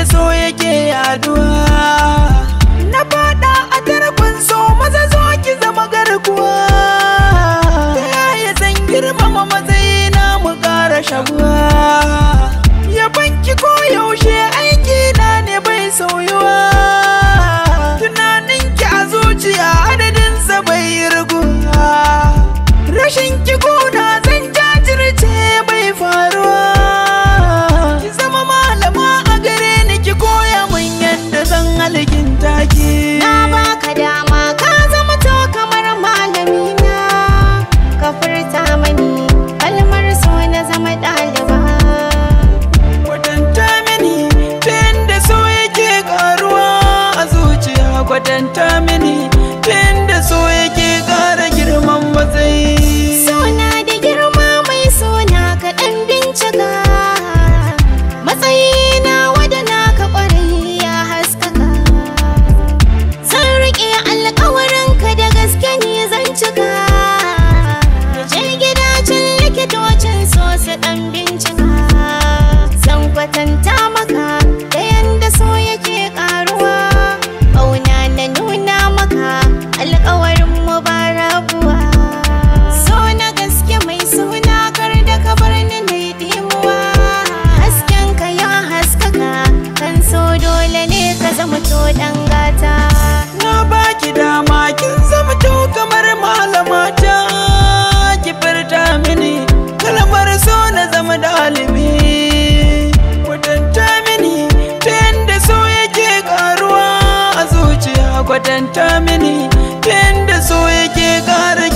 da so yake yaduwa na fada a tarafin so maza zo ki zama garkuwa Ya ya san girmama matsayi na mu kara shaguwa ya banki ko yaushe aiki na ne bai sauya na zama dalibi kwatanta mini ta yadda so yake karuwa a zuciya kwatanta mini ta yadda so yake karuwa